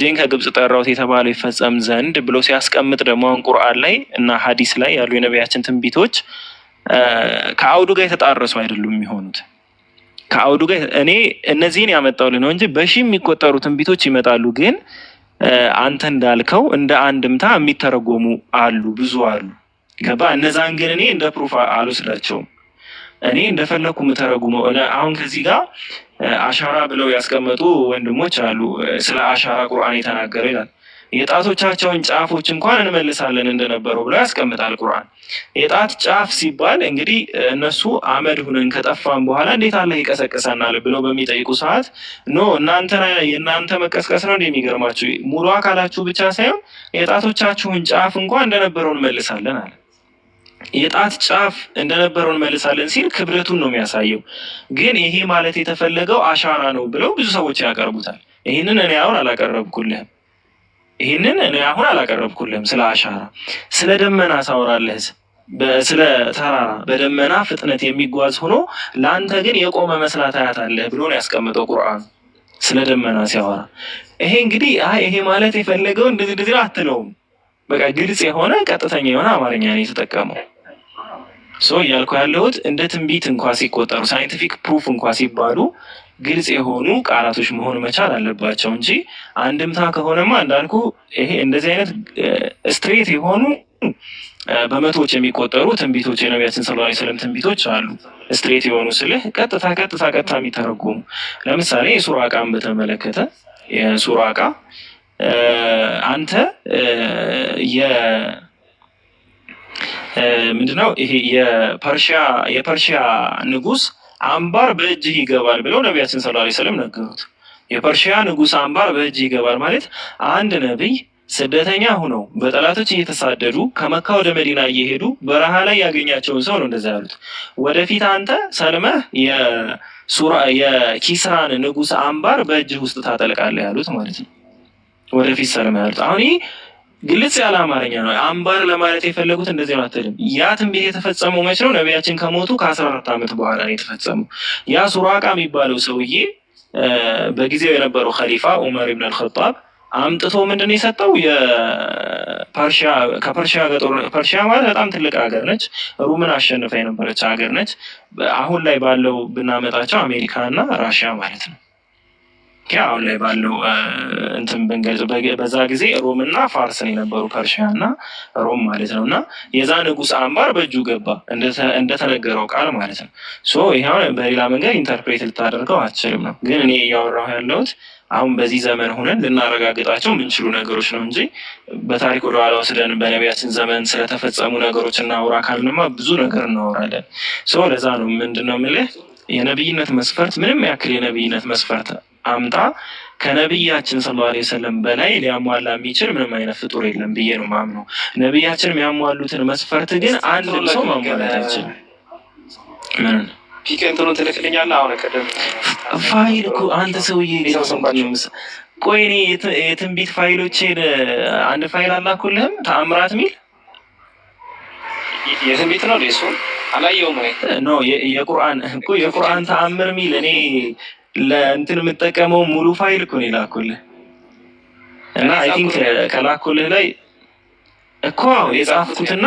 ጊዜን ከግብፅ ጠራሁት የተባለው ይፈጸም ዘንድ ብሎ ሲያስቀምጥ ደግሞ አሁን ቁርአን ላይ እና ሀዲስ ላይ ያሉ የነቢያችን ትንቢቶች ከአውዱ ጋር የተጣረሱ አይደሉም የሚሆኑት። ከአውዱ ጋር እኔ እነዚህን ያመጣሁልህ ነው እንጂ በሺህ የሚቆጠሩ ትንቢቶች ይመጣሉ። ግን አንተ እንዳልከው እንደ አንድምታ የሚተረጎሙ አሉ፣ ብዙ አሉ። ገባ እነዛን ግን እኔ እንደ ፕሩፍ አልወስዳቸውም። እኔ እንደፈለግኩ የምተረጉመው አሁን ከዚህ ጋር አሻራ ብለው ያስቀመጡ ወንድሞች አሉ። ስለ አሻራ ቁርአን የተናገረው ይላል የጣቶቻቸውን ጫፎች እንኳን እንመልሳለን እንደነበረው ብለው ያስቀምጣል ቁርአን። የጣት ጫፍ ሲባል እንግዲህ እነሱ አመድ ሁነን ከጠፋን በኋላ እንዴት አላህ ይቀሰቅሰናል ብለው በሚጠይቁ ሰዓት ኖ እናንተ የእናንተ መቀስቀስ ነው የሚገርማችሁ፣ ሙሉ አካላችሁ ብቻ ሳይሆን የጣቶቻችሁን ጫፍ እንኳን እንደነበረው እንመልሳለን አለ። የጣት ጫፍ እንደነበረውን መልሳለን ሲል ክብደቱን ነው የሚያሳየው። ግን ይሄ ማለት የተፈለገው አሻራ ነው ብለው ብዙ ሰዎች ያቀርቡታል። ይህንን እኔ አሁን አላቀረብኩልህም። ይህንን እኔ አሁን አላቀረብኩልህም። ስለ አሻራ፣ ስለ ደመና ሳውራለህ ስለ ተራራ በደመና ፍጥነት የሚጓዝ ሆኖ ለአንተ ግን የቆመ መስላት አያታለህ ብሎ ነው ያስቀመጠው ቁርአን ስለ ደመና ሲያወራ። ይሄ እንግዲህ አይ ይሄ ማለት የፈለገው እንደዚህ እንደዚህ አትለውም። በቃ ግልጽ የሆነ ቀጥተኛ የሆነ አማርኛ ነው የተጠቀመው። ሶ እያልኩ ያለሁት እንደ ትንቢት እንኳ ሲቆጠሩ ሳይንቲፊክ ፕሩፍ እንኳ ሲባሉ ግልጽ የሆኑ ቃላቶች መሆን መቻል አለባቸው እንጂ አንድምታ ከሆነማ እንዳልኩ ይሄ እንደዚህ አይነት ስትሬት የሆኑ በመቶዎች የሚቆጠሩ ትንቢቶች የነቢያችን ስለ ላ ስለም ትንቢቶች አሉ። ስትሬት የሆኑ ስልህ ቀጥታ ቀጥታ ቀጥታ የሚተረጉሙ ለምሳሌ የሱራ ዕቃን በተመለከተ የሱራ ዕቃ አንተ ምንድነው ይሄ የፐርሺያ የፐርሺያ ንጉስ አምባር በእጅህ ይገባል ብለው ነቢያችን ሰለላሁ ዐለይሂ ወሰለም ነገሩት። የፐርሺያ ንጉስ አምባር በእጅህ ይገባል ማለት አንድ ነቢይ ስደተኛ ሆነው በጠላቶች እየተሳደዱ ከመካ ወደ መዲና እየሄዱ በረሃ ላይ ያገኛቸውን ሰው ነው እንደዛ ያሉት። ወደፊት አንተ ሰልመህ የኪስራን ንጉስ አምባር በእጅህ ውስጥ ታጠልቃለህ ያሉት ማለት ነው። ወደፊት ሰልመህ ያሉት አሁን ግልጽ ያለ አማርኛ ነው። አምባር ለማለት የፈለጉት እንደዚህ ነው አትልም። ያ ትንቢት የተፈጸመው መች ነው? ነቢያችን ከሞቱ ከአስራ አራት ዓመት በኋላ ነው የተፈጸመው። ያ ሱራቃ የሚባለው ሰውዬ በጊዜው የነበረው ኸሊፋ ዑመር ኢብን አልኸጣብ አምጥቶ ምንድን ነው የሰጠው? ከፐርሺያ ፐርሺያ ማለት በጣም ትልቅ ሀገር ነች። ሩምን አሸንፋ የነበረች ሀገር ነች። አሁን ላይ ባለው ብናመጣቸው አሜሪካ እና ራሽያ ማለት ነው። አሁን ላይ ባለው እንትን ብንገልጽ በዛ ጊዜ ሮም እና ፋርስን የነበሩ ከርሻ እና ሮም ማለት ነው እና የዛ ንጉስ አምባር በእጁ ገባ እንደተነገረው ቃል ማለት ነው። ይሁን በሌላ መንገድ ኢንተርፕሬት ልታደርገው አትችልም ነው። ግን እኔ እያወራሁ ያለሁት አሁን በዚህ ዘመን ሆነን ልናረጋግጣቸው የምንችሉ ነገሮች ነው እንጂ በታሪክ ወደ ኋላ ወስደን በነቢያችን ዘመን ስለተፈጸሙ ነገሮች እናውራ ካልንማ ብዙ ነገር እናወራለን። ለዛ ነው ምንድን ነው የምልህ የነብይነት መስፈርት ምንም ያክል የነብይነት መስፈርት አምጣ ከነቢያችን ስለ ላ ሰለም በላይ ሊያሟላ የሚችል ምንም አይነት ፍጡር የለም ብዬ ነው ማምነው። ነቢያችን የሚያሟሉትን መስፈርት ግን አንድም ሰው ማሟላት አይችልም። ምን ፒከንትኑ አሁን ቀደም ፋይል እኮ አንተ ሰውዬ ቆይ እኔ የትንቢት ፋይሎችን አንድ ፋይል አላኩልህም? ተአምራት ሚል የትንቢት ነው ሱ አላየውም። ነው የቁርአን እኮ የቁርአን ተአምር ሚል እኔ ለእንትን የምጠቀመው ሙሉ ፋይል እኮ ነው የላኩልህ እና አይ ቲንክ ከላኩልህ ላይ እኮ የጻፍኩትና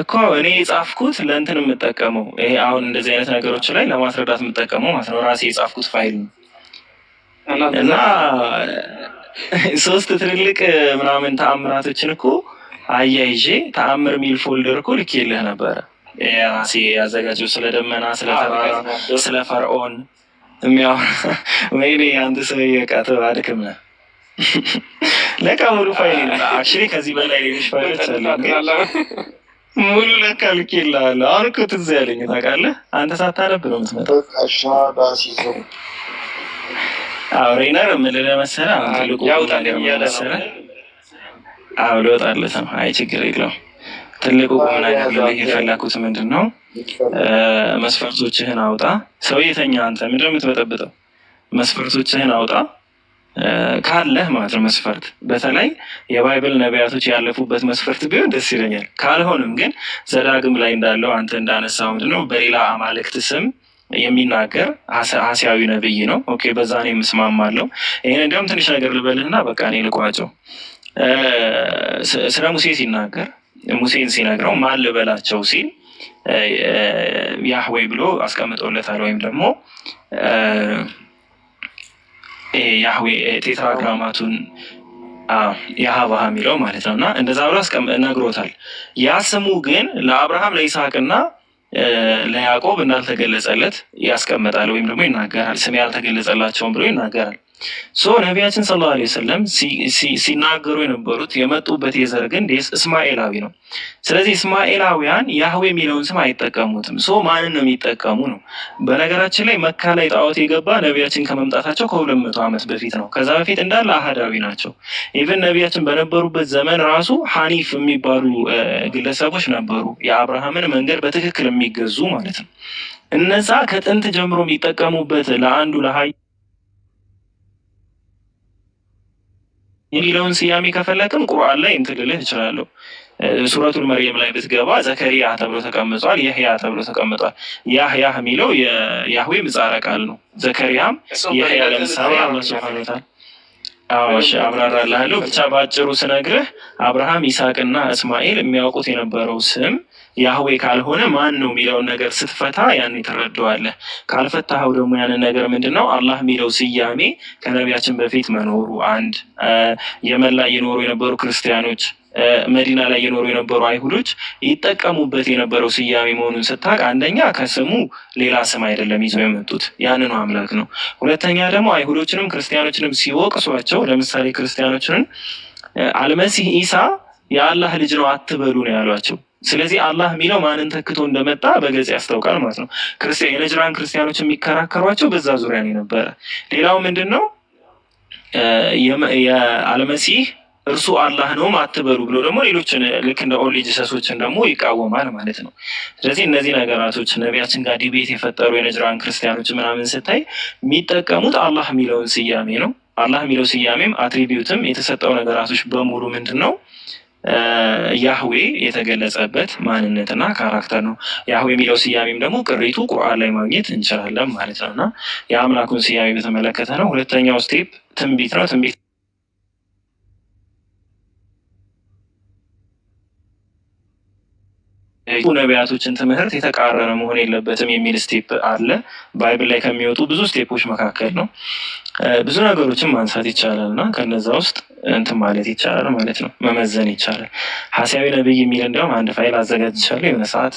እኮ እኔ የጻፍኩት ለእንትን የምጠቀመው ይሄ አሁን እንደዚህ አይነት ነገሮች ላይ ለማስረዳት የምጠቀመው ማለት ነው። ራሴ የጻፍኩት ፋይል ነው እና ሶስት ትልልቅ ምናምን ተአምራቶችን እኮ አያይዤ ተአምር የሚል ፎልደር እኮ ልኬልህ ነበረ። ራሴ ያዘጋጀው ስለ ደመና፣ ስለ ተራራ፣ ስለ ፈርዖን የሚያወራ ወይኔ አንተ ሰውዬ ዕቃ ተባልክም ነህ ለቃ ሙሉ ፋይል አክቹዋሊ ከዚህ በላይ ሌሎች ፋይሎች አሉ። ሙሉ ለካ ልኬልሃለሁ። አሁን እኮ ትዝ ያለኝ ታውቃለህ፣ አንተ ሳታነብ ነው የምትመጣው። አዎ ሬነር የምልህ ለመሰለህ አሁን ትልቁ ያውጣል ያለ መሰለህ። አዎ ልወጣለት ነው። አይ ችግር የለውም ትልቁ ቁም ነገር ልልህ የፈለኩት ምንድን ነው፣ መስፈርቶችህን አውጣ። ሰው የተኛ አንተ ምንድን ነው የምትበጠብጠው? መስፈርቶችህን አውጣ ካለህ ማለት ነው። መስፈርት በተለይ የባይብል ነቢያቶች ያለፉበት መስፈርት ቢሆን ደስ ይለኛል። ካልሆንም ግን ዘዳግም ላይ እንዳለው አንተ እንዳነሳው ምንድን ነው በሌላ አማልክት ስም የሚናገር አሲያዊ ነብይ ነው። ኦኬ፣ በዛ ነው የምስማማለው። ይህን እንዲያውም ትንሽ ነገር ልበልህና በቃ እኔ ልቋጨው። ስለ ሙሴ ሲናገር ሙሴን ሲነግረው ማን ልበላቸው ሲል ያህዌ ብሎ አስቀምጦለታል። ወይም ደግሞ ያህዌ ቴትራግራማቱን የሀባሃ የሚለው ማለት ነው እና እንደዛ ብሎ ነግሮታል። ያ ስሙ ግን ለአብርሃም ለይስሐቅና ለያዕቆብ እንዳልተገለጸለት ያስቀምጣል ወይም ደግሞ ይናገራል። ስሜ ያልተገለጸላቸውን ብሎ ይናገራል። ሶ ነቢያችን ስለ ዐለይሂ ወሰለም ሲናገሩ የነበሩት የመጡበት የዘር ግንድ እስማኤላዊ ነው። ስለዚህ እስማኤላውያን ያህዌ የሚለውን ስም አይጠቀሙትም። ሶ ማንን ነው የሚጠቀሙ ነው? በነገራችን ላይ መካ ላይ ጣዖት የገባ ነቢያችን ከመምጣታቸው ከሁለት መቶ ዓመት በፊት ነው። ከዛ በፊት እንዳለ አህዳዊ ናቸው። ኢቨን ነቢያችን በነበሩበት ዘመን ራሱ ሐኒፍ የሚባሉ ግለሰቦች ነበሩ፣ የአብርሃምን መንገድ በትክክል የሚገዙ ማለት ነው። እነዛ ከጥንት ጀምሮ የሚጠቀሙበት ለአንዱ ለሀይ የሚለውን ስያሜ ከፈለክም ቁርአን ላይ እንትን ልልህ እችላለሁ። ሱረቱን መርየም ላይ ብትገባ ዘከሪያ ተብሎ ተቀምጧል። የህያ ተብሎ ተቀምጧል። ያህ የሚለው የያህዌ ምጻረ ቃል ነው። ዘከሪያም የህያ ለምሳሌ አላ ስብን ታል አዋሽ አብራራልሃለሁ። ብቻ በአጭሩ ስነግርህ አብርሃም ይስሐቅና እስማኤል የሚያውቁት የነበረው ስም ያህዌ ካልሆነ ማን ነው የሚለውን ነገር ስትፈታ ያን ትረዳዋለህ። ካልፈታኸው ደግሞ ያንን ነገር ምንድን ነው አላህ የሚለው ስያሜ ከነቢያችን በፊት መኖሩ አንድ የመን ላይ የኖሩ የነበሩ ክርስቲያኖች መዲና ላይ የኖሩ የነበሩ አይሁዶች ይጠቀሙበት የነበረው ስያሜ መሆኑን ስታቅ፣ አንደኛ ከስሙ ሌላ ስም አይደለም ይዘው የመጡት ያንኑ አምላክ ነው። ሁለተኛ ደግሞ አይሁዶችንም ክርስቲያኖችንም ሲወቅሷቸው፣ ለምሳሌ ክርስቲያኖችንን አልመሲህ ኢሳ የአላህ ልጅ ነው አትበሉ ነው ያሏቸው። ስለዚህ አላህ የሚለው ማንን ተክቶ እንደመጣ በግልጽ ያስታውቃል ማለት ነው። የነጅራን ክርስቲያኖች የሚከራከሯቸው በዛ ዙሪያ ነው ነበረ። ሌላው ምንድን ነው የአልመሲህ እርሱ አላህ ነውም አትበሉ ብሎ ደግሞ ሌሎችን ልክ እንደ ኦንሊ ጂሰሶችን ደግሞ ይቃወማል ማለት ነው። ስለዚህ እነዚህ ነገራቶች ነቢያችን ጋር ዲቤት የፈጠሩ የነጅራን ክርስቲያኖች ምናምን ስታይ የሚጠቀሙት አላህ የሚለውን ስያሜ ነው። አላህ የሚለው ስያሜም አትሪቢዩትም የተሰጠው ነገራቶች በሙሉ ምንድን ነው ያህዌ የተገለጸበት ማንነትና ካራክተር ነው። ያህዌ የሚለው ስያሜም ደግሞ ቅሪቱ ቁርአን ላይ ማግኘት እንችላለን ማለት ነው እና የአምላኩን ስያሜ በተመለከተ ነው። ሁለተኛው ስቴፕ ትንቢት ነው። ትንቢት ነቢያቶችን ትምህርት የተቃረነ መሆን የለበትም የሚል ስቴፕ አለ። ባይብል ላይ ከሚወጡ ብዙ ስቴፖች መካከል ነው። ብዙ ነገሮችን ማንሳት ይቻላል እና ከነዛ ውስጥ እንትን ማለት ይቻላል ማለት ነው፣ መመዘን ይቻላል። ሀሳዊ ነብይ የሚል እንዲያውም አንድ ፋይል አዘጋጅቻለሁ የሆነ ሰዓት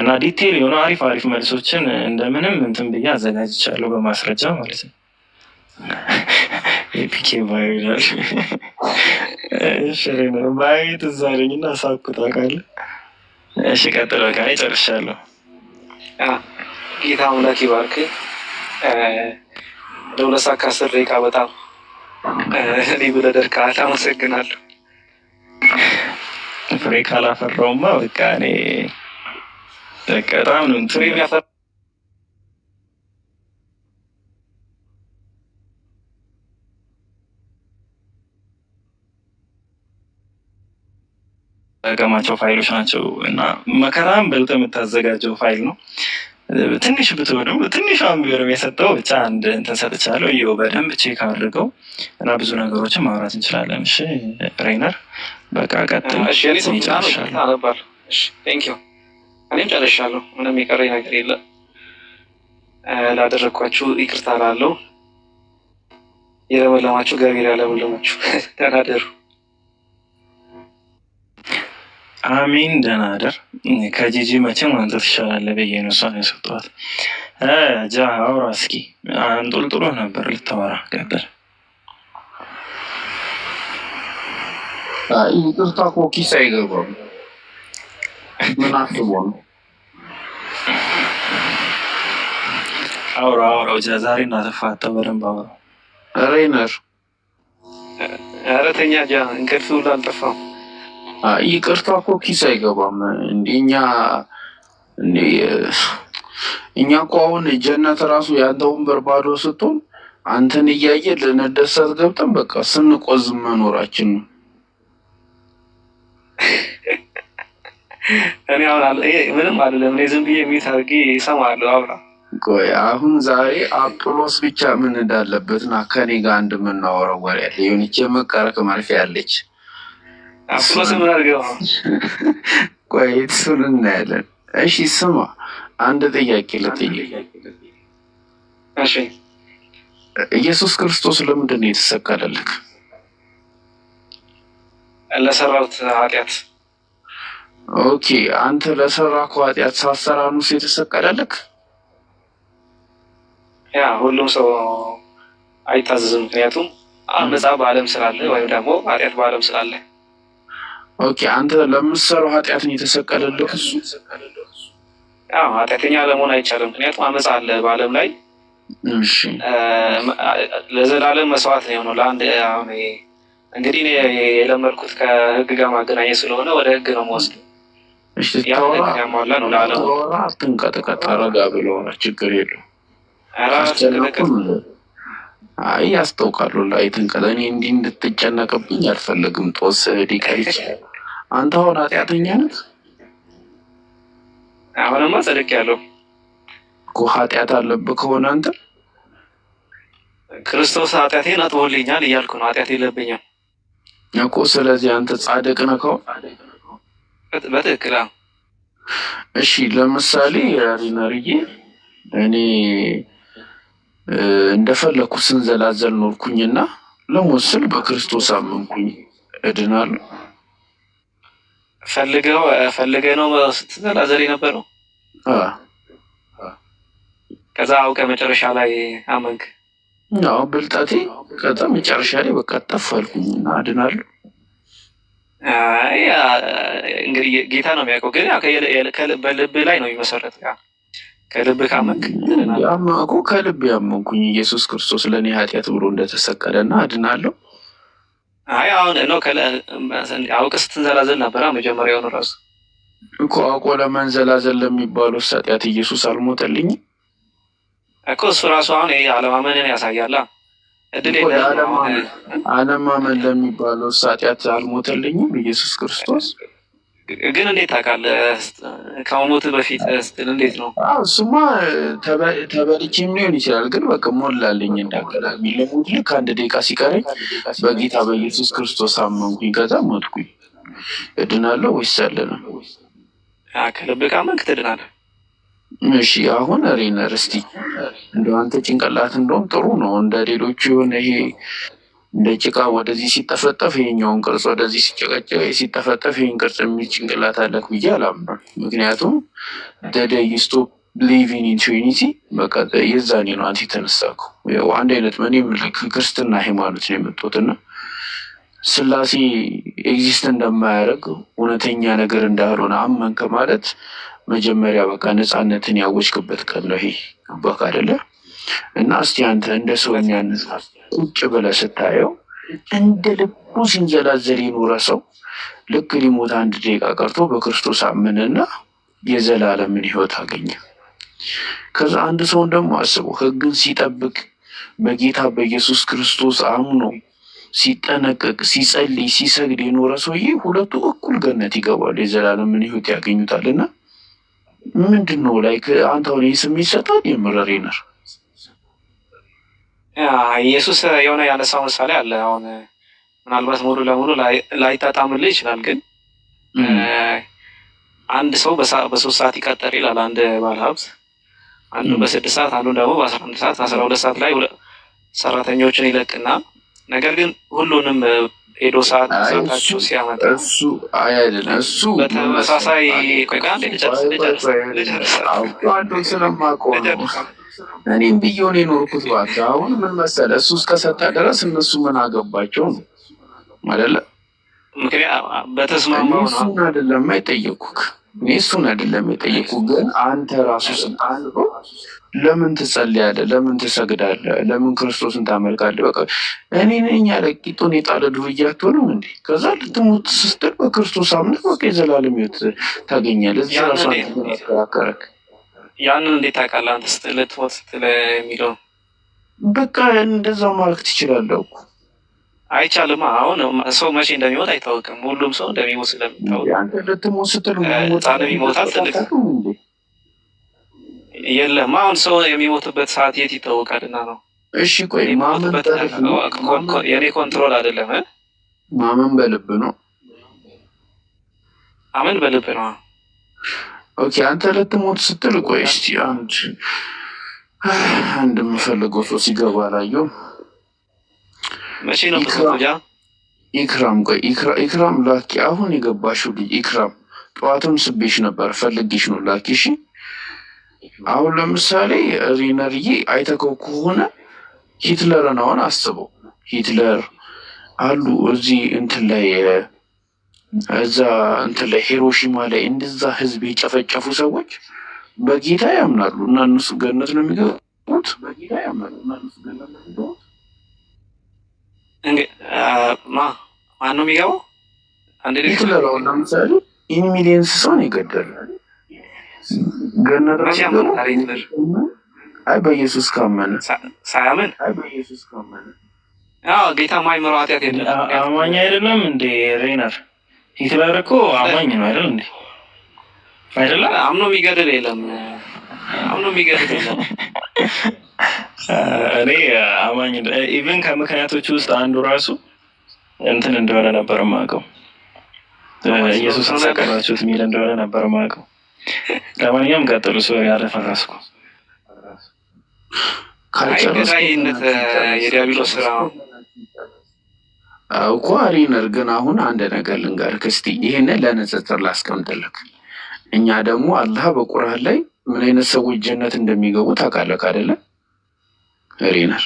እና ዲቴል የሆኑ አሪፍ አሪፍ መልሶችን እንደምንም እንትን ብዬ አዘጋጅቻለሁ በማስረጃ ማለት ነው። ፒኬ ይላል ሽሬነ ማየት እዛ አለኝና ሳኩ ታውቃለህ። እሺ ቀጥሎ ከ ጨርሻለሁ። ጌታ አምላክ ይባርክ። ለሁለት ሰዓት ከአስር ደቂቃ በጣም እኔ ብለህ ደርቀሃል። አመሰግናለሁ። ፍሬ ካላፈራውማ በቃ እኔ በቃ በጣም ነው ፍሬ የሚያፈራ የምጠቀማቸው ፋይሎች ናቸው እና መከራም በልጠ የምታዘጋጀው ፋይል ነው። ትንሽ ብትሆንም ትንሿን ቢሆንም የሰጠው ብቻ አንድ እንትን ሰጥቻለሁ። ይኸው በደንብ ቼክ አድርገው እና ብዙ ነገሮችን ማውራት እንችላለን። እሺ ሬይነር በቃ ቀጥል። እኔም ጨርሻለሁ። ምንም የቀረኝ ነገር የለም። ላደረግኳችሁ ይቅርታ ላለው የለመለማችሁ ገቢ ላለመለማችሁ ተናደሩ። አሜን ደህና አደር። ከጂጂ መቼም አንተ ትሻላለህ ብዬ ነው እሷን የሰጠኋት። ጃ አውራ እስኪ አንጡልጥሎ ነበር ልታወራ ቀጥል። ይቅርታ እኮ ኪስ አይገባም። ምን አስቦ ነው? አውራ አውራው ጃ ዛሬ እናተፋተ በደንብ አውራ። ሬነር ኧረ ተኛ ጃ እንቅልፍ ሁሉ አልጠፋም። ይቅርታ እኮ ኪስ አይገባም። እኛ እኛ እኮ አሁን ጀነት ራሱ ያንተ ወንበር ባዶ ስትሆን አንተን እያየ ልንደሰት ገብተን በቃ ስንቆዝ መኖራችን ነው። እኔ አሁን ምንም አይደለም። እኔ ዝም ብዬ ሚት አድርጌ ይሰማሉ። አብራ ቆይ አሁን ዛሬ አጵሎስ ብቻ ምን እንዳለበትና ከኔ ጋር አንድ የምናወራው ወሬ ያለ የሆነች የመቃረቅ መርፌ ያለች ቆይ እሱን እናያለን። እሺ ስማ፣ አንድ ጥያቄ ልጠይቅ። ኢየሱስ ክርስቶስ ለምንድን ነው የተሰቀለልክ? ለሰራሁት ኃጢአት። ኦኬ፣ አንተ ለሰራኩ ኃጢአት ሳሰራ ነው የተሰቀለልክ? ያ ሁሉም ሰው አይታዘዝም። ምክንያቱም አመፃ በዓለም ስላለ ወይም ደግሞ ኃጢአት በዓለም ስላለ ኦኬ አንተ ኃጢአት ነው የተሰቀለልህ እሱ ኃጢአተኛ ለመሆን አይቻልም። ምክንያቱም አመፅ አለ በአለም ላይ ለዘላለም መስዋዕት ነው የሆነው። ለአንድ እንግዲህ የለመድኩት ከህግ ጋር ማገናኘት ስለሆነ ወደ ህግ ነው መወስድ ያሟላ ነው ለአለም አትንቀጥቀጥ፣ ረጋ ብለሆነ ችግር የለውም። አይ ያስታውቃሉ ላይትን ከእኔ እንዲህ እንድትጨነቅብኝ አልፈለግም። ተወሰነ ዲቀይች አንተ አሁን ኃጢአተኛ ነህ። አሁንማ ጸድቅ ያለው እኮ ኃጢአት አለብህ ከሆነ አንተ ክርስቶስ ኃጢአቴን አጥቦልኛል እያልኩ ነው። ኃጢአት የለብኛል እኮ ስለዚህ አንተ ጻድቅ ነህ ከሆነ በትክክል እሺ። ለምሳሌ ሪነርዬ እኔ እንደፈለግኩ ስንዘላዘል ኖርኩኝና ለሞት ስል በክርስቶስ አመንኩኝ እድናለሁ። ፈልገው ፈልገ ነው ስትዘላዘል የነበረው? ከዛ አውቀ መጨረሻ ላይ አመንክ? አዎ ብልጣቴ፣ ከዛ መጨረሻ ላይ በቃ ጠፍ አልኩኝና እንግዲህ ጌታ ነው የሚያውቀው፣ ግን በልብ ላይ ነው የሚመሰረት ከልብ ካመንክ ያመንኩ ከልብ ያመንኩኝ ኢየሱስ ክርስቶስ ለእኔ ኃጢአት ብሎ እንደተሰቀለና አድናለሁ። አይ አሁን ነው አውቅ ስትንዘላዘል ነበረ። መጀመሪያውን ራሱ እኮ አውቆ ለመንዘላዘል ለሚባለው ኃጢአት ኢየሱስ አልሞተልኝም እኮ። እሱ ራሱ አሁን አለማመንን ያሳያላ። እድል አለማመን ለሚባለው ኃጢአት አልሞተልኝም ኢየሱስ ክርስቶስ ግን እንዴት ታውቃለህ? ከመሞት በፊት ስትል እንዴት ነው? እሱማ ተበልቼም ሊሆን ይችላል። ግን በቃ ሞላልኝ እንዳገላሚ ለሞት ልክ አንድ ደቂቃ ሲቀረኝ በጌታ በኢየሱስ ክርስቶስ አመንኩኝ፣ ከዛ ሞትኩኝ። እድናለሁ ወይስ አለነ? ከልብ ካመንክ ትድናለህ። እሺ አሁን ሬነር እስቲ እንደ አንተ ጭንቅላት እንደውም ጥሩ ነው እንደ ሌሎቹ የሆነ ይሄ እንደ ጭቃ ወደዚህ ሲጠፈጠፍ ይሄኛውን ቅርጽ ወደዚህ ሲጨቀጨቅ ሲጠፈጠፍ ይህን ቅርጽ የሚል ጭንቅላት አለክ ብዬ አላምነው። ምክንያቱም ደደይ ስቶፕ ሊቪን ትሪኒቲ በቃ የዛኔ ነው አንተ የተነሳኩ አንድ አይነት መኔ ክርስትና ሃይማኖት ነው የመጡት ስላሴ ኤግዚስት እንደማያደርግ እውነተኛ ነገር እንዳልሆነ አመንክ ማለት መጀመሪያ በቃ ነፃነትን ያወጅክበት ቀን ነው። ይሄ አባክ አይደለም እና እስቲ አንተ እንደ ሰውኛነት ቁጭ ብለህ ስታየው እንደ ልቡ ሲንዘላዘል የኖረ ሰው ልክ ሊሞት አንድ ደቂቃ ቀርቶ በክርስቶስ አመነና የዘላለምን ህይወት አገኘ። ከዛ አንድ ሰውን ደግሞ አስበው ህግን ሲጠብቅ በጌታ በኢየሱስ ክርስቶስ አምኖ ሲጠነቀቅ፣ ሲጸልይ፣ ሲሰግድ የኖረ ሰውዬ ሁለቱ እኩል ገነት ይገባሉ፣ የዘላለምን ህይወት ያገኙታል። እና ምንድን ነው ላይ አንተ አሁን ይህ ስሜት ይሰጣል የምረሬነር ኢየሱስ የሆነ ያነሳው ምሳሌ አለ። አሁን ምናልባት ሙሉ ለሙሉ ላይጣጣምልህ ይችላል፣ ግን አንድ ሰው በሶስት ሰዓት ይቀጠር ይላል አንድ ባለሀብት፣ አንዱ በስድስት ሰዓት፣ አንዱ ደግሞ በአስራ አንድ ሰዓት አስራ ሁለት ሰዓት ላይ ሰራተኞችን ይለቅና ነገር ግን ሁሉንም ሄዶ ሰዓት ሰታችሁ ሲያመጣ እሱ በተመሳሳይ ቆይ ልጨርስ ልጨርስ ልጨርስ እኔም ብየውን የኖርኩት ባካ። አሁን ምን መሰለ እሱ እስከሰጠ ድረስ እነሱ ምን አገባቸው ነው አይደለ? በተስማማ እሱን አይደለም አይጠየቁክ እኔ እሱን አይደለም የጠየኩህ፣ ግን አንተ ራሱ ስታልበ ለምን ትጸልያለህ? ለምን ትሰግዳለህ? ለምን ክርስቶስን ታመልካለህ? በቃ እኔ ነኝ ያለ ቂጡን የጣለ ዱርያ አትሆንም እንዴ? ከዛ ልትሞት ስትል በክርስቶስ አምነህ በቃ የዘላለም ሕይወት ታገኛለህ። እዚህ ራሱ አንተ ያንን እንዴት ታውቃለህ? አንተ ስትልህ ትወት ስትልህ የሚለው በቃ እንደዛው ማለት ትችላለህ እኮ አይቻልም። አሁን ሰው መቼ እንደሚሞት አይታወቅም። ሁሉም ሰው እንደሚሞት ስለሚታወቅ ሕፃንም ትልቅ የለም። አሁን ሰው የሚሞትበት ሰዓት የት ይታወቃልና ነው? እሺ ቆይ የሚሞትበት ኮንትሮል አይደለም። ማመን በልብ ነው። አመን በልብ ነው። ኦኬ አንተ ልትሞት ስትል ቆይ እስኪ አንድ እንደምፈልገው ሰው ሲገባ ላየው መቼ ነው መሰጃ ኢክራም ቆይ ኢክራም ላኪ አሁን የገባሽው ልጅ ኢክራም ጠዋትም ስቤሽ ነበር ፈልጊሽ ነው ላኪ እሺ አሁን ለምሳሌ ሪነርዬ አይተከው ከሆነ ሂትለርን አሁን አስበው ሂትለር አሉ እዚህ እንትን ላይ እዛ እንትን ላይ ሂሮሺማ ላይ እንደዛ ህዝብ የጨፈጨፉ ሰዎች በጌታ ያምናሉ እና እነሱ ገነት ነው የሚገቡት። ማነው የሚገባው? ሂትለር አሁን ለምሳሌ ኢን ሚሊየንስ ሰውን ይገደል ገነት አይ በኢየሱስ ካመነ ሳያምን ጌታ ማይምሮ ኃጢአት የለም አማኝ አይደለም እንደ ሬነር ሂትለር እኮ አማኝ ነው አይደል? እንዴ አይደለ? አምኖ የሚገድል የለም። አምኖ የሚገድል የለም። እኔ አማኝ ኢቨን ከምክንያቶች ውስጥ አንዱ ራሱ እንትን እንደሆነ ነበር የማውቀው ኢየሱስን ሰቀላችሁት የሚል እንደሆነ ነበር የማውቀው። ለማንኛውም ቀጥሉ። ሰው ያለፈረስኩ ካልጨረስኩ የዲያብሎስ ስራ ነው። እኮ ግን አሁን አንድ ነገር ልንገርህ እስቲ ይህንን ለንጽጽር ላስቀምጥልህ። እኛ ደግሞ አላህ በቁርአን ላይ ምን አይነት ሰዎች ጀነት እንደሚገቡ ታውቃለህ አይደለ? ሪነር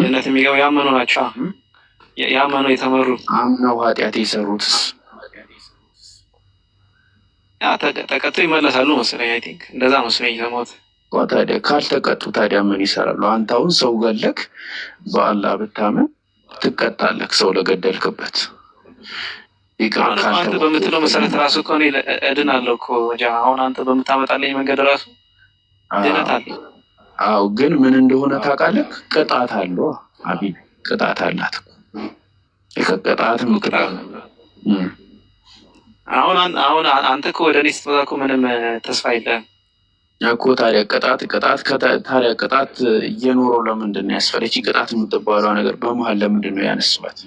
ጀነት የሚገቡ ያመኑ ናቸው። ያመኑ የተመሩ አምነው ኃጢአት የሰሩትስ ተቀጥቶ ይመለሳሉ መሰለኝ። አይ ቲንክ እንደዛ መሰለኝ የሰማሁት ታዲያ ካልተቀጡ ታዲያ ምን ይሰራሉ? አንተ አሁን ሰው ገለክ፣ በአላ ብታምን ትቀጣለክ። ሰው ለገደልክበት አንተ በምትለው መሰረት ራሱ ከሆነ እድን አለው እኮ አሁን አንተ በምታመጣለኝ መንገድ ራሱ ድነት አለ። አዎ ግን ምን እንደሆነ ታውቃለህ? ቅጣት አለ። አቢ ቅጣት አላት። ቅጣት ምቅጣት አሁን አሁን አንተ ከወደ እኔ ስትመጣ እኮ ምንም ተስፋ የለም እኮ ታዲያ ቅጣት ቅጣት ታዲያ ቅጣት እየኖረው ለምንድን ነው ያስፈለች? ቅጣት የምትባለው ነገር በመሀል ለምንድን ነው ያነስባት?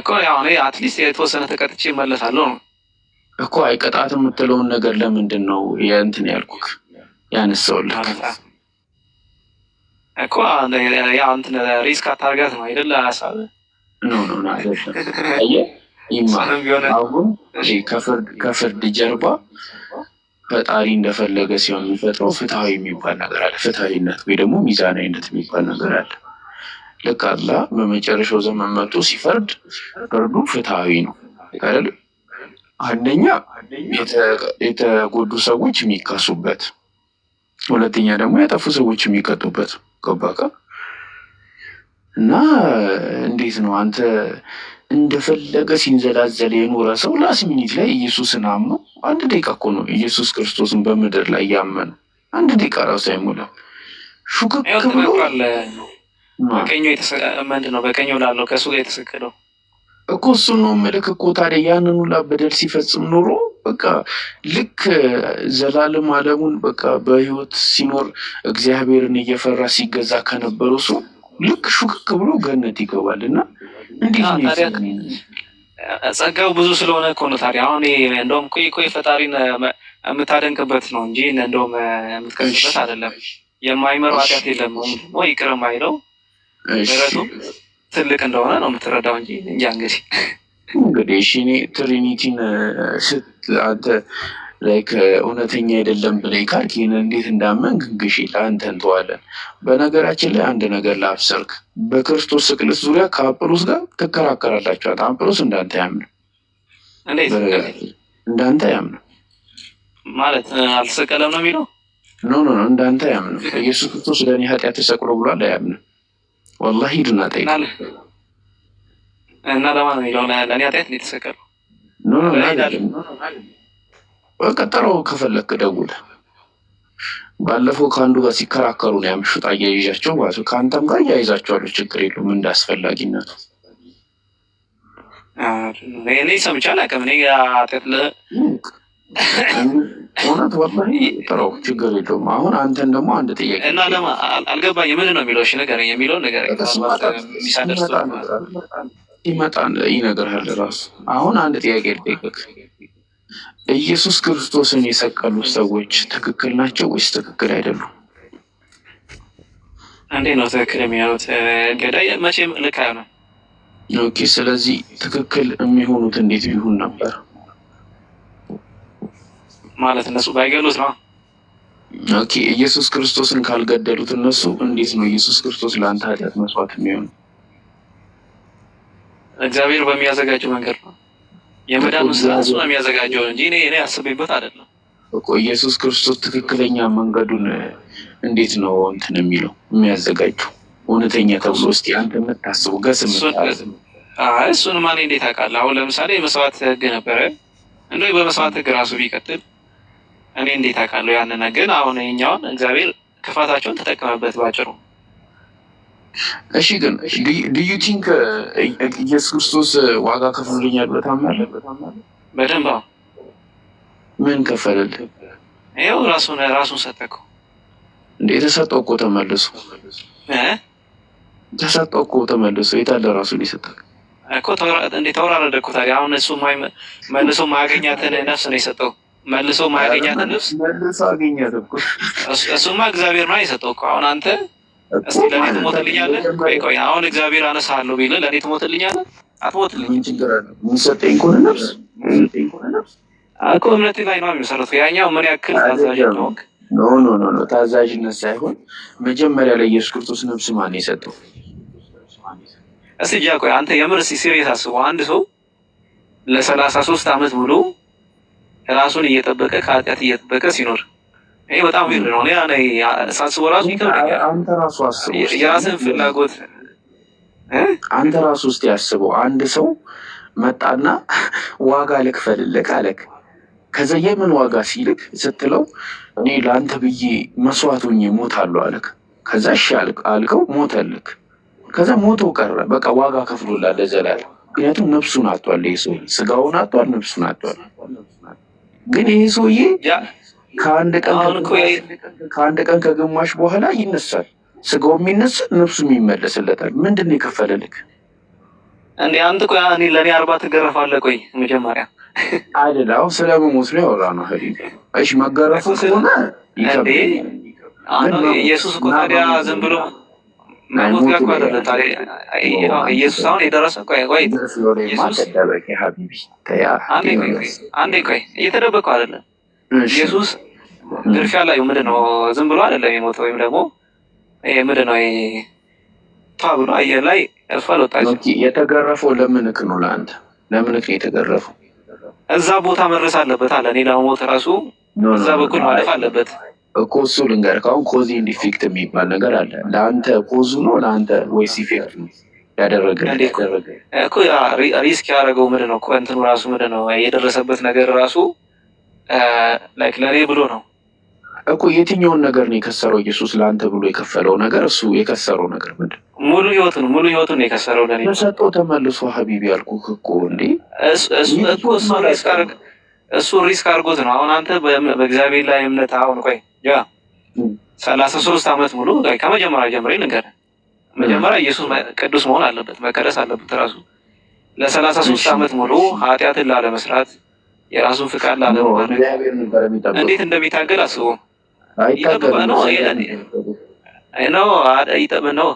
እኮ ያው እኔ አትሊስት የተወሰነ ተቀጥቼ እመለሳለሁ ነው እኮ። አይ ቅጣት የምትለውን ነገር ለምንድን ነው የእንትን ያልኩህ ያነሳውልህ እኮ እንትን ሪስክ አታርጋት ነው አይደለ? ሀሳብ ኖ ኖ ኖ ይማ አሁን ከፍርድ ጀርባ ፈጣሪ እንደፈለገ ሲሆን የሚፈጥረው ፍትሐዊ የሚባል ነገር አለ። ፍትሐዊነት ወይ ደግሞ ሚዛናዊነት የሚባል ነገር አለ። ልክ አላ በመጨረሻው ዘመን መጥቶ ሲፈርድ ፍርዱ ፍትሐዊ ነው አይደል? አንደኛ የተጎዱ ሰዎች የሚካሱበት፣ ሁለተኛ ደግሞ ያጠፉ ሰዎች የሚቀጡበት። ገባህ? እና እንዴት ነው አንተ እንደፈለገ ሲንዘላዘለ የኖረ ሰው ላስ ሚኒት ላይ ኢየሱስን አምኖ አንድ ደቂቃ እኮ ነው ኢየሱስ ክርስቶስን በምድር ላይ ያመነ አንድ ደቂቃ ራሱ አይሞላም። ሹክክ ብሎ ምንድን ነው በቀኝ ላለው ከእሱ ጋር የተሰቀለው እኮ እሱን ነው እኮ። ታዲያ ያንን ሁላ በደል ሲፈጽም ኖሮ በቃ ልክ ዘላለም ዓለሙን በቃ በህይወት ሲኖር እግዚአብሔርን እየፈራ ሲገዛ ከነበረው ሰው ልክ ሹክክ ብሎ ገነት ይገባል እና ጸጋው ብዙ ስለሆነ እኮ ነው። ታዲያ አሁን እንደውም ቆይ ቆይ ፈጣሪን የምታደንቅበት ነው እንጂ እንደውም የምትቀንጭበት አይደለም። የማይመር ኃጢአት የለም ወይ ይቅር የማይለው ምሕረቱ ትልቅ እንደሆነ ነው የምትረዳው እንጂ እንጃ እንግዲህ እንግዲህ ትሪኒቲን ስት አንተ ላይክ እውነተኛ አይደለም ብለህ ካልክ ይህን እንዴት እንዳመንክ ግሺ ለአንተ እንተዋለን። በነገራችን ላይ አንድ ነገር ላብሰርክ፣ በክርስቶስ ስቅለት ዙሪያ ከአጵሎስ ጋር ትከራከራላችኋል። አጵሎስ እንዳንተ ያምንም እንዳንተ ያምንም ማለት አልተሰቀለም ነው የሚለው ኖ ኖ ኖ እንዳንተ ያምንም ኢየሱስ ክርስቶስ ለእኔ ኃጢአት ተሰቅሎ ብሏል አያምንም። ወላሂ ሂድና ጠይቅ እና ለማን ነው የሚለው ለእኔ ኃጢአት ነው የተሰቀለው ኖ ኖ በቀጠሮ ከፈለክ ደውል። ባለፈው ከአንዱ ጋር ሲከራከሩ ነው ያምሹት፣ አያይዣቸው ማለት ነው። ከአንተም ጋር እያይዛቸዋለሁ፣ ችግር እንደ እንዳስፈላጊነቱ። እኔ ሰምቼ አላውቅም። እኔ እውነት ወላሂ ጥረው ችግር የለውም። አሁን አንተን ደግሞ አንድ ጥያቄ እና ለማ አልገባኝም። ምንድን ነው የሚለው? እሺ ንገረኝ የሚለው ነገር ይመጣል ይነግርሃል ራሱ። አሁን አንድ ጥያቄ ልጠይቅህ ኢየሱስ ክርስቶስን የሰቀሉ ሰዎች ትክክል ናቸው ወይስ ትክክል አይደሉም? አንዴ ነው ትክክል የሚሆኑት? ገዳይ መቼም ልክ ነው። ኦኬ፣ ስለዚህ ትክክል የሚሆኑት እንዴት ቢሆን ነበር ማለት እነሱ ባይገሉት ነው። ኦኬ፣ ኢየሱስ ክርስቶስን ካልገደሉት እነሱ እንዴት ነው ኢየሱስ ክርስቶስ ለአንተ ኃጢአት መስዋዕት የሚሆኑ? እግዚአብሔር በሚያዘጋጀው መንገድ ነው። የመዳኑ ስራ እሱ ነው የሚያዘጋጀው እንጂ እኔ እኔ አስቤበት አይደለም እኮ። ኢየሱስ ክርስቶስ ትክክለኛ መንገዱን እንዴት ነው እንትን የሚለው የሚያዘጋጀው እውነተኛ ተብሎ ውስጥ አንተ የምታስበው ገስ እሱን ማን እንዴት አውቃለሁ? አሁን ለምሳሌ መስዋዕት ህግ ነበረ እንዲ በመስዋዕት ህግ ራሱ ቢቀጥል እኔ እንዴት አውቃለሁ? ያንን ግን አሁን ይኛውን እግዚአብሔር ክፋታቸውን ተጠቀመበት ባጭሩ እሺ ግን ዲዩ ቲንክ uh, ኢየሱስ ክርስቶስ uh, ዋጋ ከፍሎልኛል ብለህ ታምናለህ? በደንብ ምን ከፈልልህ? ይኸው ራሱን ራሱን ሰጠኩ። እንዴ ተሰጠው እኮ ተመልሶ ተሰጠው እኮ ተመልሶ የታለ ራሱን የሰጠህ እኮ እንዴ ተወራረደ እኮ ታዲያ አሁን እሱ መልሶ ማያገኛትን ነፍስ ነው የሰጠው መልሶ ማያገኛትን ነፍስ መልሶ አገኛት እኮ እሱማ እግዚአብሔር ነው የሰጠው እኮ አሁን አንተ እስቲ ለእኔ ትሞትልኛለህ? ቆይ አሁን እግዚአብሔር አነሳለሁ ቢልህ ለእኔ ትሞትልኛለህ? አትሞትልኝም። ችግር አለ። የሚሰጠኝ ከሆነ ነፍስ የሚሰጠኝ እኮ እምነት ላይ ነው የሚመሰረቱ። ያኛው ምን ያክል ታዛዥ ነውክ? ኖ ኖ ኖ ታዛዥነት ሳይሆን መጀመሪያ ላይ ኢየሱስ ክርስቶስ ነፍስ ማን የሰጠው? እስቲ ጃ ቆይ አንተ የምር ሲሪየስ አስበው። አንድ ሰው ለሰላሳ ሶስት አመት ብሎ ራሱን እየጠበቀ ከኃጢአት እየጠበቀ ሲኖር ይህ በጣም ዊርድ ነው። ያ ሳስበው ራሱ ይከብደኛል። የራስን ፍላጎት አንተ ራሱ ውስጥ ያስበው። አንድ ሰው መጣና ዋጋ ልክፈልልህ አለክ። ከዛ የምን ዋጋ ሲልክ ስትለው እኔ ለአንተ ብዬ መስዋዕት ሆኜ አለክ። ከዛ እሺ አልከው፣ ሞተልክ። ከዛ ሞቶ ቀረ። በቃ ዋጋ ከፍሎላል ለዘላለም። ምክንያቱም ነፍሱን አጥቷል። ይህ ሰውዬ ስጋውን አጥቷል፣ ነፍሱን አጥቷል። ግን ይህ ሰውዬ ከአንድ ቀን ከግማሽ በኋላ ይነሳል። ስጋው የሚነሳል፣ ነፍሱም ይመለስለታል። ምንድን ነው የከፈለልክ? እንደ አንተ ቆይ እኔ ለእኔ አርባ ትገረፋለህ። ቆይ መጀመሪያ አይደል? አሁን ስለ መሞት ነው ያወራነው። እሺ መገረፉ ከሆነ ኢየሱስ እኮ ታዲያ ዝም ብሎ ኢየሱስ አሁን የደረሰ ቆይ ቆይ ኢየሱስ አንዴ ቆይ እየተደበቀው አይደለም ኢየሱስ ድርሻ ላይ ምንድን ነው ዝም ብሎ አይደለም የሞተው። ወይም ደግሞ ምንድን ነው ብሎ አየር ላይ እርሱ አልወጣችም። የተገረፈው ለምንክ ነው? ለአንተ ለምንክ ነው የተገረፈው? እዛ ቦታ መድረስ አለበት አለ። እኔ ለመሞት ራሱ እዛ በኩል ማለፍ አለበት እኮ እሱ ልንገርህ፣ አሁን ኮዚ ኢንድ ኢፌክት የሚባል ነገር አለ። ለአንተ ኮዙ ነው ለአንተ ወይስ ኢፌክት ነው ያደረገ? ሪስክ ያደረገው ምንድን ነው እንትኑ ራሱ ምንድን ነው የደረሰበት ነገር ራሱ ላይክ ለእኔ ብሎ ነው እኮ የትኛውን ነገር ነው የከሰረው? ኢየሱስ ለአንተ ብሎ የከፈለው ነገር እሱ የከሰረው ነገር ምንድን ነው? ሙሉ ህይወቱን ሙሉ ህይወቱን የከሰረው ለኔ ለሰጠው ተመልሶ። ሀቢቢ ያልኩ እኮ እንዴ እሱ ሪስክ አድርጎት ነው። አሁን አንተ በእግዚአብሔር ላይ እምነት አሁን ቆይ ያ ሰላሳ ሶስት አመት ሙሉ ከመጀመሪያ ጀምሬ ነገር መጀመሪያ ኢየሱስ ቅዱስ መሆን አለበት መቀደስ አለበት ራሱ ለሰላሳ ሶስት አመት ሙሉ ኃጢአትን ላለመስራት የራሱን ፍቃድ ላለመሆን እንዴት እንደሚታገል አስቦ ይጠብቅ ነው ነው አይጠብቅ ነው።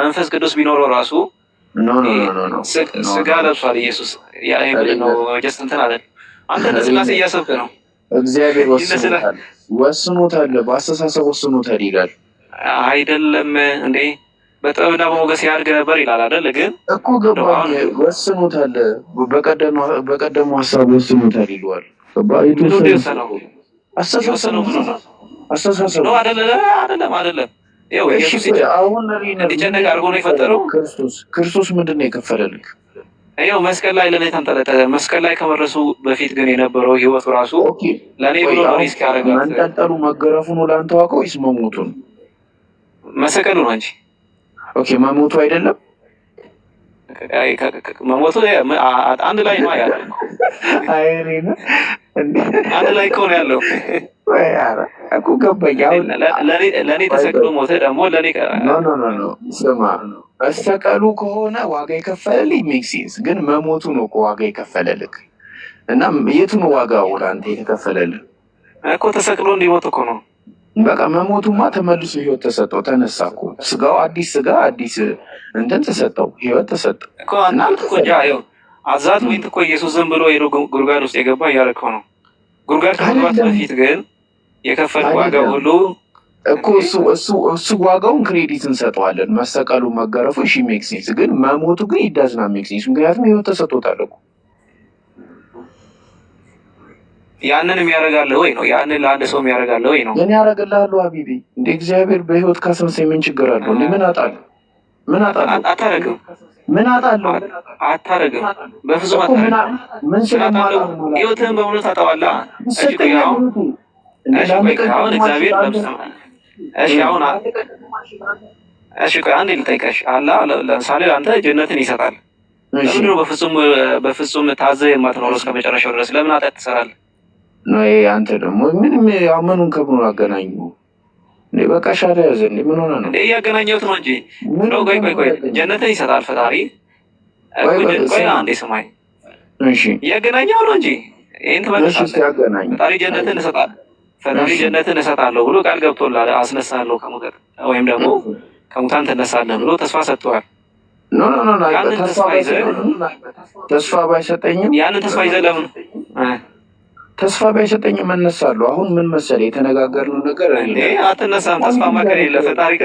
መንፈስ ቅዱስ ቢኖረው ራሱ ስጋ ለብሷል ኢየሱስ። ነው ጀስት እንትን አለ። አንተ እንደ ስላሴ እያሰብክ ነው። እግዚአብሔር ወስኖታል፣ ወስኖታል፣ በአስተሳሰብ ወስኖታል ይላል አይደለም እንዴ? በጥበብና በሞገስ ያድግ ነበር ይላል አይደል? ግን እኮ ገባኝ። ወስኑታል፣ በቀደሙ ሀሳብ ወስኑታል ይለዋል። አስተሳሰቡ ነው አይደለም? እንዲጨነቅ አድርጎ ነው የፈጠረው። ክርስቶስ ምንድን ነው የከፈለልክ? ይኸው መስቀል ላይ ለእኔ ተንጠለጠለ። መስቀል ላይ ከመድረሱ በፊት ግን የነበረው ህይወቱ ራሱ ለእኔ ብሎ ነው ሪስክ ያደረጋል። መንጠልጠሉ መገረፉ ነው ለአንተ ዋቀው ይስመሙቱን መሰቀሉ ነው እንጂ ኦኬ መሞቱ አይደለም መሞቱ አንድ ላይ ነው ያለው። አንድ ላይ ከሆነ ያለው እኮ ገባኝ። ለእኔ ተሰቅሎ ሞተ ደግሞ ለእኔ ስማ፣ መሰቀሉ ከሆነ ዋጋ የከፈለልኝ ሜክ ሴንስ፣ ግን መሞቱ ነው እኮ ዋጋ የከፈለልክ እና የቱ ነው ዋጋው ለአንተ የተከፈለልህ? እኮ ተሰቅሎ እንዲሞት እኮ ነው በቃ መሞቱማ ተመልሶ ህይወት ተሰጠው። ተነሳ እኮ ስጋው አዲስ ስጋ አዲስ እንትን ተሰጠው ህይወት ተሰጠው። እናንተ አዛት ወይን እኮ ኢየሱስ ዝም ብሎ ሄዶ ጉድጓድ ውስጥ የገባ እያደረከው ነው። ጉድጓድ ከመግባት በፊት ግን የከፈል ዋጋ ሁሉ እኮ እሱ ዋጋውን ክሬዲት እንሰጠዋለን። መሰቀሉ መገረፉ እሺ ሜክሲንስ ግን መሞቱ ግን ይዳዝና ሜክሲንስ ምክንያቱም ህይወት ተሰጥቶታል እኮ ያንን የሚያደርጋለህ ወይ ነው? ያንን ለአንድ ሰው የሚያደርጋለህ ወይ ነው? ምን ያደርግልሃለሁ አቢቢ እንደ እግዚአብሔር በህይወት ካሰምሰ ምን ችግር አለው? እንደ ምን አጣለሁ? ምን አጣለሁ? አታረግም። ምን አጣለሁ? አታረግም። በፍጹም አታረግም። ምን ስለማለው ህይወትህን በእውነት አጠዋለህ። አሁን እግዚአብሔር እሺ፣ አሁን እሺ፣ ቆይ አንዴ ልጠይቀሽ። አላህ ለምሳሌ አንተ ጀነትን ይሰጣል። ለምንድን ነው በፍጹም በፍጹም ታዘህ የማትኖረው እስከ መጨረሻው ድረስ? ለምን ኃጢአት ትሰራለህ? ነው አንተ ደግሞ ምንም አመኑን ከምን አገናኙ? በቃ ሻዳ ያዘ። ምን ሆነ ነው እያገናኘሁት ነው እንጂ ነው። ቆይ ቆይ ቆይ፣ ጀነትን ይሰጣል ፈጣሪ። ቆይ አንዴ ስማኝ፣ እሺ። ነው እንጂ ይሄን ፈጣሪ ጀነትን ፈጣሪ ጀነትን እሰጣለሁ ብሎ ቃል ገብቶልሃል። አስነሳለሁ ከሙቀት ወይም ደግሞ ከሙታን ትነሳለህ ብሎ ተስፋ ሰጥተዋል። ኖ ኖ ኖ፣ ተስፋ ባይሰጠኝም ያንን ተስፋ ይዘህ ለምን ተስፋ ባይሰጠኝ መነሳሉ። አሁን ምን መሰለህ የተነጋገርነው ነገር አትነሳም። ተስፋ መከር የለ ፈጣሪ።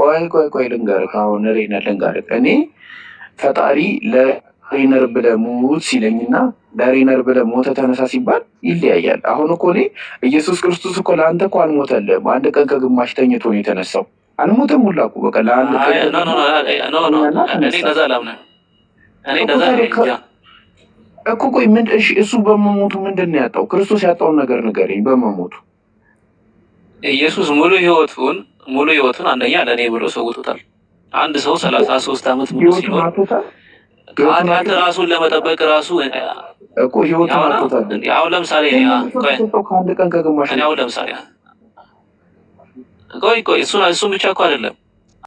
ቆይ ቆይ ቆይ ልንገርህ፣ አሁን ሬነር ልንገርህ። እኔ ፈጣሪ ለሬነር ብለህ ሙት ሲለኝና ለሬነር ብለህ ሞተህ ተነሳ ሲባል ይለያያል። አሁን እኮ እኔ ኢየሱስ ክርስቶስ እኮ ለአንተ እኮ አልሞተልህም። አንድ ቀን ከግማሽ ተኝቶ ነው የተነሳው። አልሞተም ሁላ እኮ በቃ ለአንድ ቀን እኔ እንደዛ ላምነህ እኔ እንደዛ እኮ ቆይ ምን እሺ፣ እሱ በመሞቱ ምንድን ነው ያጣው? ክርስቶስ ያጣውን ነገር ንገረኝ። በመሞቱ ኢየሱስ ሙሉ ህይወቱን ሙሉ ህይወቱን አንደኛ ለእኔ ብሎ ሰውቶታል። አንድ ሰው ሰላሳ ሶስት ዓመት ሙሉ ሲኖር ከኃጢአት ራሱን ለመጠበቅ ራሱ እኮ ህይወቱን አጥቶታል። አሁን ለምሳሌ ከአንድ ቀን ለምሳሌ ቆይ ቆይ እሱን እሱ ብቻ እኮ አይደለም